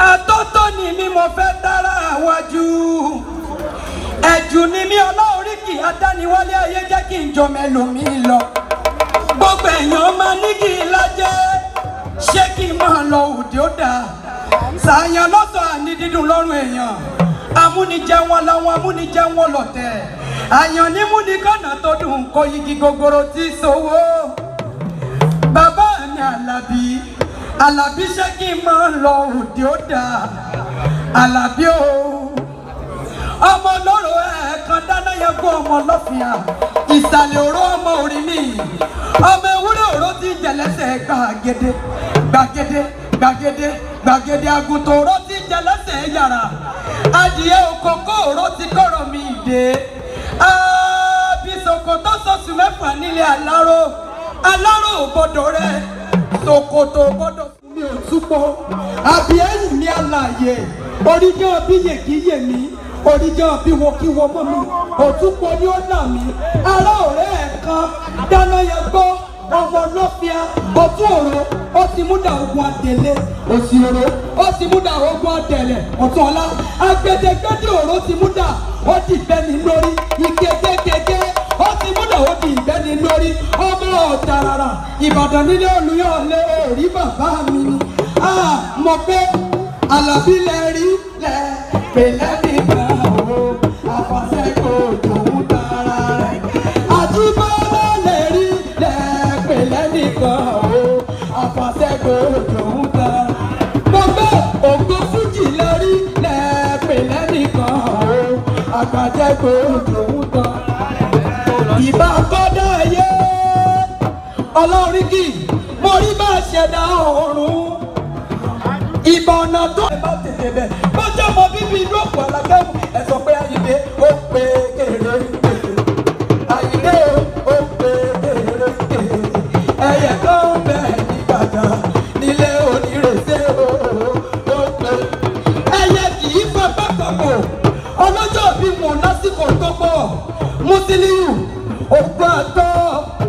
atótó ni mi mo fẹ́ dára àwájú ẹ̀jù ni mi ọlọ́ọ̀rí kì í adániwálé ayé jẹ́ kí n jọ mẹ́lòmí lọ gbogbo èèyàn máa ní kí n lájẹ́ ṣé kí n máa lọ òde ó dáa sàyàn lọ́sọ̀ àní dídùn lọ́rùn èèyàn amúnijẹ wọn làwọn amúnijẹ wọn lọ̀tẹ̀ àyàn ní múnikànnà tó dùn kó yigi gogoro tí sowó bàbá mi Àlàbí. Àlàbí ṣé kí n máa lọ òde ó dáa Àlàbí o ọmọ lọ́rọ̀ ẹ̀ẹ̀kan dáná yẹ kó ọmọ lọ́fìá ìsàlẹ̀ òró ọmọ orí mi ọmọ ewúrẹ́ òró ti jẹ̀lẹ́sẹ̀ gbàgede gbàgede gbàgede gbàgede àgùntàn òró ti jẹ̀lẹ́sẹ̀ yàrá adìyẹ òkòkò òró ti kọ̀rọ̀ mi ìdè àbísọ̀kò tó sọ̀sù mẹ́fà nílé aláró aláró ò rẹ̀ tòkòtò gbọ́dọ̀ fún mi ò túbọ̀ àbí ẹ̀yìn ní àlàyé oríjọ́ bí yèkíyè mi oríjọ́ bí wokíwo mọ́ mi òtúpọ̀ ni ó là mí ará ọ̀rẹ́ ẹ̀ kan dáná yẹn gbọ́ ọwọ́ lọ́fíà ọtún òru ó ti mú dà ogun àdèlé òsì òru ó ti mú dà ogun àdèlè ọ̀tún ọ̀la agbẹ̀dẹ̀gbẹ̀dẹ̀ òru ti mú dà ó ti bẹ́ mi ìbàdàn nílé olùyọ̀lé rí bàbá mi ni mọ̀ pé àlàbí lẹ rí lẹ pè lẹ́bí kan o àfàṣẹ kò tòun tara rẹ̀ àjíbọ́lá lè rí lẹ pè lẹ́bí kan o àfàṣẹ kò tòun tara mọ̀ pé ògo fújì lè rí lẹ pè lẹ́bí kan o àgbàjẹ kò tòun tara. ọlọ́rígì mo rí bá ṣẹ̀dá ọ̀run ìbọn ọ̀nà tó ẹ̀ bá tètè bẹ̀ bọ́jọ́ mọ bíbí inú òkú alágbẹ́wò ẹ̀ sọ pé ayíǹde ó pé kéré kéré ó pé kéré kéré ẹ̀yẹ kan bẹ́ẹ̀ ní nílé onírèsé ó pé ẹ̀yẹ kì í fọ ọlọ́jọ́ bí mo lásìkò tó pọ̀ mùsílíù ògbà tán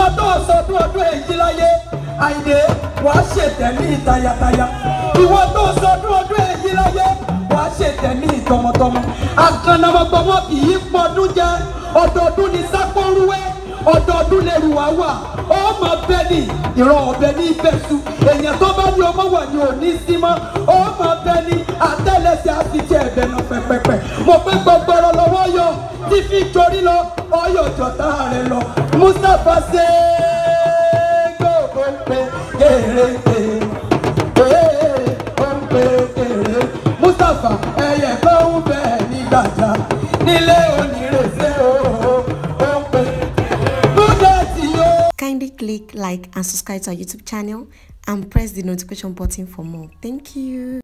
ìwọ tó sọdún ọdún èyí láyé àyìnlé wàá ṣètẹ̀mí tayataya ìwọ tó sọdún ọdún èyí láyé wàá ṣètẹ̀mí tọmọtọmọ àkànnàmọgbọmọ kì í pọdún jẹ ọdọọdún ní sápọrúwẹ ọdọọdún lè rù wá wà ọmọ bẹni ìran ọbẹ ní ìbẹsù èèyàn tó bá ní ọmọ wà ní òní sí mọ ọmọ bẹni àtẹ́lẹsẹ̀ àti tí ẹbẹ náà pẹpẹpẹ mo pé gbọgbọrọ lọ́wọ́ yọ tí fi torí lọ ọyọ rẹ lọ Mustapha Kindly click like and subscribe to our YouTube channel and press the notification button for more. Thank you.